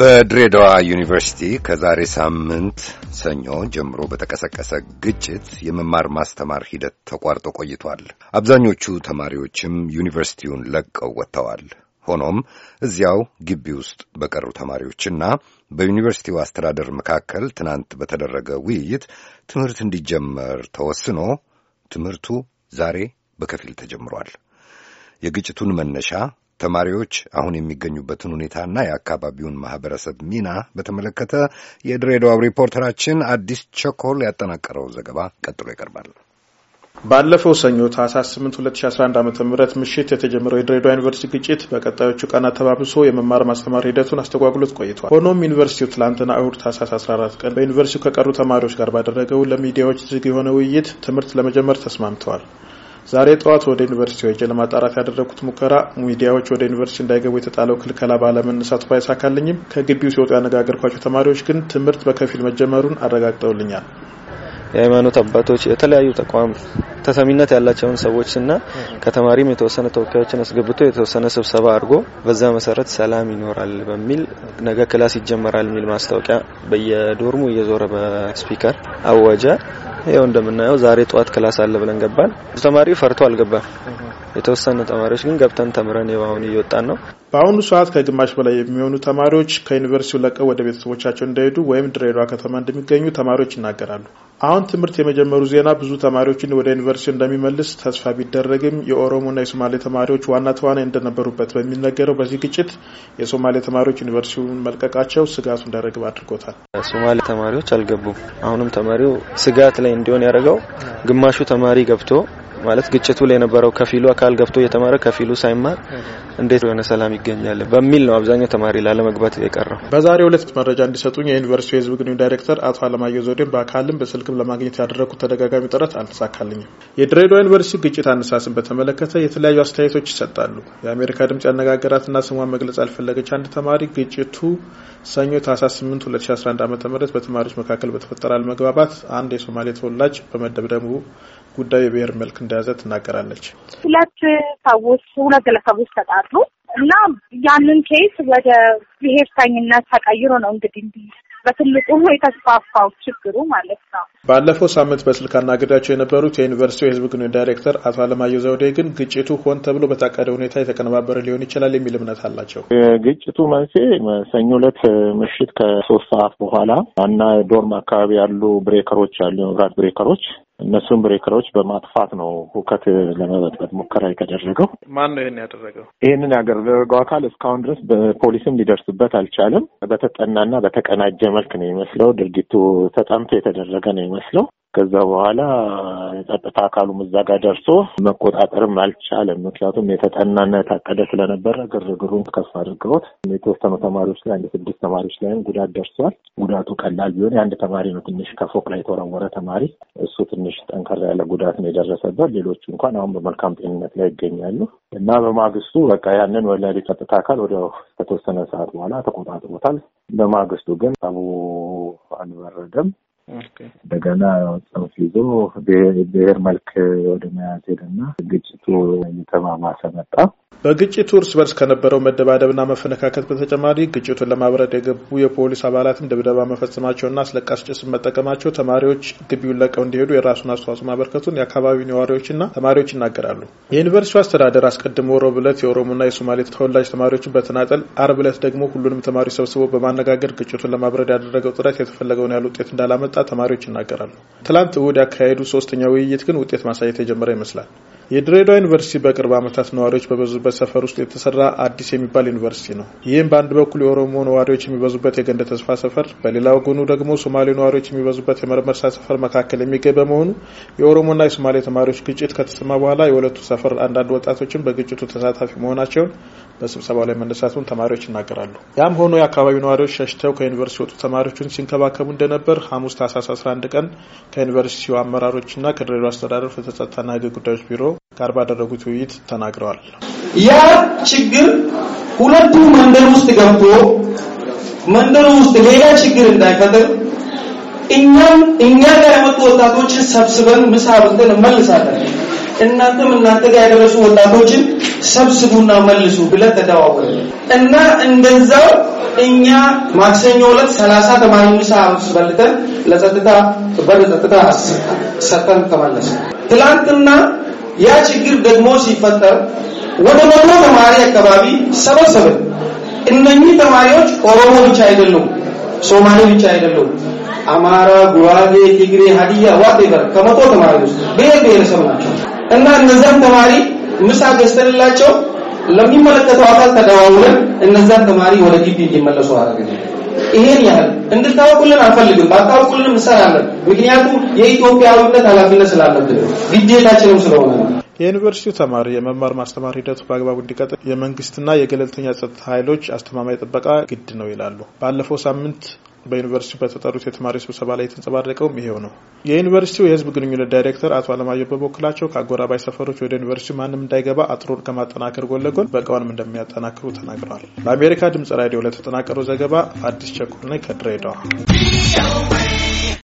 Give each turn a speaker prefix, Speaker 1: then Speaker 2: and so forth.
Speaker 1: በድሬዳዋ ዩኒቨርሲቲ ከዛሬ ሳምንት ሰኞ ጀምሮ በተቀሰቀሰ ግጭት የመማር ማስተማር ሂደት ተቋርጦ ቆይቷል። አብዛኞቹ ተማሪዎችም ዩኒቨርሲቲውን ለቀው ወጥተዋል። ሆኖም እዚያው ግቢ ውስጥ በቀሩ ተማሪዎችና በዩኒቨርሲቲው አስተዳደር መካከል ትናንት በተደረገ ውይይት ትምህርት እንዲጀመር ተወስኖ ትምህርቱ ዛሬ በከፊል ተጀምሯል። የግጭቱን መነሻ ተማሪዎች አሁን የሚገኙበትን ሁኔታና የአካባቢውን ማህበረሰብ ሚና በተመለከተ የድሬዳዋ ሪፖርተራችን አዲስ ቸኮል ያጠናቀረው ዘገባ ቀጥሎ ይቀርባል።
Speaker 2: ባለፈው ሰኞ ታህሳስ
Speaker 1: 8 2011
Speaker 2: ዓ.ም ምሽት የተጀመረው የድሬዳዋ ዩኒቨርሲቲ ግጭት በቀጣዮቹ ቀናት ተባብሶ የመማር ማስተማር ሂደቱን አስተጓጉሎት ቆይቷል። ሆኖም ዩኒቨርሲቲው ትላንትና እሁድ ታህሳስ 14 ቀን በዩኒቨርሲቲው ከቀሩ ተማሪዎች ጋር ባደረገው ለሚዲያዎች ዝግ የሆነ ውይይት ትምህርት ለመጀመር ተስማምተዋል። ዛሬ ጠዋት ወደ ዩኒቨርሲቲ ለማጣራት ያደረጉት ሙከራ ሚዲያዎች ወደ ዩኒቨርሲቲ እንዳይገቡ የተጣለው ክልከላ ባለመነሳቱ ባይሳካልኝም ከግቢው ሲወጡ ያነጋገርኳቸው ተማሪዎች ግን ትምህርት በከፊል መጀመሩን አረጋግጠውልኛል።
Speaker 3: የሃይማኖት አባቶች፣ የተለያዩ ተቋም ተሰሚነት ያላቸውን ሰዎችና ከተማሪም የተወሰነ ተወካዮችን አስገብቶ የተወሰነ ስብሰባ አድርጎ በዛ መሰረት ሰላም ይኖራል በሚል ነገ ክላስ ይጀመራል የሚል ማስታወቂያ በየዶርሙ እየዞረ በስፒከር አወጀ። ይኸው እንደምናየው ዛሬ ጠዋት ክላስ አለ ብለን ገባን። ተማሪው ፈርቶ አልገባም። የተወሰኑ ተማሪዎች ግን ገብተን ተምረን ይኸው አሁን እየወጣን ነው። በአሁኑ ሰዓት ከግማሽ በላይ የሚሆኑ ተማሪዎች
Speaker 2: ከዩኒቨርሲቲው ለቀው ወደ ቤተሰቦቻቸው እንደሄዱ ወይም ድሬዳዋ ከተማ እንደሚገኙ ተማሪዎች ይናገራሉ። አሁን ትምህርት የመጀመሩ ዜና ብዙ ተማሪዎችን ወደ ዩኒቨርሲቲ እንደሚመልስ ተስፋ ቢደረግም የኦሮሞና የሶማሌ ተማሪዎች ዋና ተዋናይ እንደነበሩበት በሚነገረው በዚህ ግጭት የሶማሌ ተማሪዎች ዩኒቨርሲቲውን መልቀቃቸው ስጋቱ እንዳይረግብ አድርጎታል።
Speaker 3: ሶማሌ ተማሪዎች አልገቡም። አሁንም ተማሪው ስጋት ላይ እንዲሆን ያደረገው ግማሹ ተማሪ ገብቶ ማለት ግጭቱ ላይ የነበረው ከፊሉ አካል ገብቶ እየተማረ ከፊሉ ሳይማር እንዴት የሆነ ሰላም ይገኛል በሚል ነው አብዛኛው ተማሪ ላለመግባት የቀረው።
Speaker 2: በዛሬው ዕለት መረጃ እንዲሰጡኝ የዩኒቨርሲቲው የህዝብ ግንኙነት ዳይሬክተር አቶ አለማየሁ ዘውዴን በአካልም በስልክም ለማግኘት ያደረግኩት ተደጋጋሚ ጥረት አልተሳካልኝም። የድሬዳዋ ዩኒቨርሲቲ ግጭት አነሳስን በተመለከተ የተለያዩ አስተያየቶች ይሰጣሉ። የአሜሪካ ድምጽ ያነጋገራትና ስሟን መግለጽ አልፈለገች አንድ ተማሪ ግጭቱ ሰኞ ታህሳስ 8 2011 ዓ ም በተማሪዎች መካከል በተፈጠረ አለመግባባት አንድ የሶማሌ ተወላጅ በመደብደቡ ጉዳዩ የብሔር መልክ እንደያዘ ትናገራለች።
Speaker 1: ሁለት ሰዎች ሁለት ግለሰቦች ተጣ ማለት እና ያንን ኬስ ወደ ብሄርተኝነት ተቀይሮ ነው እንግዲህ እንዲህ በትልቁ የተስፋፋው ችግሩ ማለት ነው።
Speaker 2: ባለፈው ሳምንት በስልክ አናገዳቸው የነበሩት የዩኒቨርሲቲው የህዝብ ግንኙነት ዳይሬክተር አቶ አለማየሁ ዘውዴ ግን ግጭቱ ሆን ተብሎ በታቀደ ሁኔታ የተቀነባበረ ሊሆን ይችላል የሚል እምነት አላቸው።
Speaker 1: የግጭቱ መንስኤ ሰኞ ዕለት ምሽት ከሶስት ሰዓት በኋላ እና ዶርም አካባቢ ያሉ ብሬከሮች አሉ፣ የመብራት ብሬከሮች እነሱን ብሬከሮች በማጥፋት ነው ሁከት ለመበጥበጥ ሙከራ የተደረገው።
Speaker 2: ማን ነው ይህን ያደረገው?
Speaker 1: ይህንን ያደረገው አካል እስካሁን ድረስ በፖሊስም ሊደርስበት አልቻለም። በተጠናና በተቀናጀ መልክ ነው የሚመስለው ድርጊቱ ተጠምቶ የተደረገ ነው የሚመስለው። ከዛ በኋላ የጸጥታ አካሉም እዛ ጋር ደርሶ መቆጣጠርም አልቻለም። ምክንያቱም የተጠናና የታቀደ ስለነበረ ግርግሩን ከፍ አድርገውት የተወሰኑ ተማሪዎች ላይ አንድ ስድስት ተማሪዎች ላይም ጉዳት ደርሷል። ጉዳቱ ቀላል ቢሆን የአንድ ተማሪ ነው ትንሽ ከፎቅ ላይ የተወረወረ ተማሪ፣ እሱ ትንሽ ጠንከር ያለ ጉዳት ነው የደረሰበት። ሌሎች እንኳን አሁን በመልካም ጤንነት ላይ ይገኛሉ እና በማግስቱ በቃ ያንን ወላድ የጸጥታ አካል ወደ ከተወሰነ ሰዓት በኋላ ተቆጣጥሮታል። በማግስቱ ግን አቡ አልበረደም። እንደገና ጽንፍ ይዞ ብሔር መልክ ወደ መያዝ ሄደና ግጭቱ እየተማማሰ መጣ።
Speaker 2: በግጭቱ እርስ በርስ ከነበረው መደባደብና መፈነካከት በተጨማሪ ግጭቱን ለማብረድ የገቡ የፖሊስ አባላትም ድብደባ መፈጸማቸውና አስለቃሽ ጭስ መጠቀማቸው ተማሪዎች ግቢውን ለቀው እንዲሄዱ የራሱን አስተዋጽኦ ማበርከቱን የአካባቢው ነዋሪዎችና ተማሪዎች ይናገራሉ። የዩኒቨርሲቲው አስተዳደር አስቀድሞ ሮብ ዕለት የኦሮሞና የሶማሌ ተወላጅ ተማሪዎችን በተናጠል፣ አርብ ዕለት ደግሞ ሁሉንም ተማሪ ሰብስቦ በማነጋገር ግጭቱን ለማብረድ ያደረገው ጥረት የተፈለገውን ያህል ውጤት እንዳላመጣ እንደመጣ ተማሪዎች ይናገራሉ። ትላንት እሁድ ያካሄዱ ሶስተኛ ውይይት ግን ውጤት ማሳየት የጀመረ ይመስላል። የድሬዳዋ ዩኒቨርሲቲ በቅርብ ዓመታት ነዋሪዎች በበዙበት ሰፈር ውስጥ የተሰራ አዲስ የሚባል ዩኒቨርሲቲ ነው። ይህም በአንድ በኩል የኦሮሞ ነዋሪዎች የሚበዙበት የገንደ ተስፋ ሰፈር፣ በሌላ ጎኑ ደግሞ ሶማሌ ነዋሪዎች የሚበዙበት የመርመርሳ ሰፈር መካከል የሚገኝ በመሆኑ የኦሮሞና የሶማሌ ተማሪዎች ግጭት ከተሰማ በኋላ የሁለቱ ሰፈር አንዳንድ ወጣቶችን በግጭቱ ተሳታፊ መሆናቸውን በስብሰባው ላይ መነሳቱን ተማሪዎች ይናገራሉ። ያም ሆኖ የአካባቢው ነዋሪዎች ሸሽተው ከዩኒቨርሲቲ ወጡ ተማሪዎችን ሲንከባከቡ እንደነበር ሐሙስ ታህሳስ 11 ቀን ከዩኒቨርሲቲው አመራሮችና ከድሬዳዋ አስተዳደር ፍትህ ጸጥታና ህግ ጉዳዮች ቢሮ ጋር ባደረጉት ውይይት ተናግረዋል።
Speaker 4: ያ ችግር ሁለቱ መንደር ውስጥ ገብቶ መንደሩ ውስጥ ሌላ ችግር እንዳይፈጥር እኛም እኛ ጋር የመጡ ወጣቶችን ሰብስበን ምሳ ብለን እመልሳለን እናንተም እናንተ ጋር ያደረሱ ወጣቶችን ሰብስቡና መልሱ ብለን ተደዋወለ እና እንደዛው እኛ ማክሰኞ ዕለት ሰላሳ ተማሪ ምሳ በልተን ለጸጥታ በር ሰጠን ተመለሰ። ትላንትና ያ ችግር ደግሞ ሲፈጠር ወደ መቶ ተማሪ አካባቢ ሰበሰበ። እነኚህ ተማሪዎች ኦሮሞ ብቻ አይደሉም፣ ሶማሌ ብቻ አይደሉም፣ አማራ፣ ጉራጌ፣ ትግሬ፣ ሀዲያ ዋቴቨር ከመቶ ተማሪ ውስጥ ብሔር ብሔረሰብ ናቸው እና እነዛን ተማሪ ምሳ ገዝተንላቸው ለሚመለከተው አካል ተደዋውለን እነዛን ተማሪ ወደ ግቢ እንዲመለሱ አደረግን። ይሄን ያህል እንድታወቁልን አንፈልግም። ባታወቁልን እንሰራለን። ምክንያቱም የኢትዮጵያዊነት ኃላፊነት ስላለብን
Speaker 1: ግዴታችንም ስለሆነ
Speaker 2: ነው። የዩኒቨርሲቲው ተማሪ የመማር ማስተማር ሂደቱ በአግባቡ እንዲቀጥል የመንግስትና የገለልተኛ ጸጥታ ኃይሎች አስተማማኝ ጥበቃ ግድ ነው ይላሉ። ባለፈው ሳምንት በዩኒቨርሲቲው በተጠሩት የተማሪ ስብሰባ ላይ የተንጸባረቀውም ይሄው ነው። የዩኒቨርሲቲው የህዝብ ግንኙነት ዳይሬክተር አቶ አለማየሁ በበኩላቸው ከአጎራባይ ሰፈሮች ወደ ዩኒቨርሲቲ ማንም እንዳይገባ አጥሩን ከማጠናከር ጎን ለጎን በቃውንም እንደሚያጠናክሩ ተናግረዋል። ለአሜሪካ ድምጽ ራዲዮ ለተጠናቀረው ዘገባ አዲስ ቸኮል ነኝ ከድሬዳዋ።